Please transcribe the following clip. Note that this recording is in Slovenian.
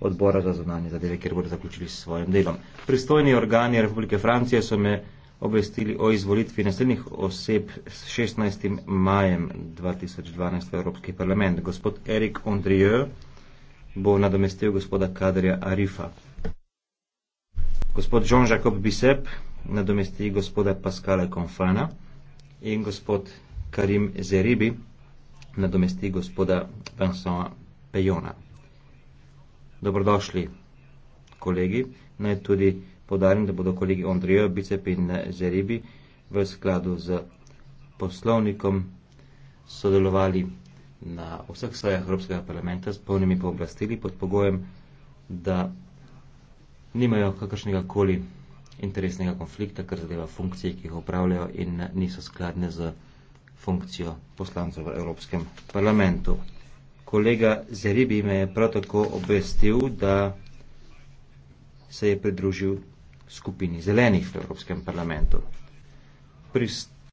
odbora za zunanje zadeve, kjer bodo zaključili s svojim delom. Pristojni organi Republike Francije so me obvestili o izvolitvi naslednjih oseb s 16. majem 2012 v Evropski parlament. Gospod Erik Andrieu bo nadomestil gospoda Kadrija Arifa. Gospod Jean-Jacques Bisep nadomesti gospoda Pascala Konfana in gospod Karim Zeribi nadomesti gospoda Vincenta Pejona dobrodošli kolegi. Naj tudi podarim, da bodo kolegi Ondrejo, Bicep in eh, Zeribi v skladu z poslovnikom sodelovali na vseh sojah Evropskega parlamenta s polnimi pooblastili pod pogojem, da nimajo kakršnega koli interesnega konflikta, kar zadeva funkcije, ki jih upravljajo in eh, niso skladne z funkcijo poslancev v Evropskem parlamentu. Kolega Zeribi me je prav tako obvestil, da se je pridružil skupini zelenih v Evropskem parlamentu. Prist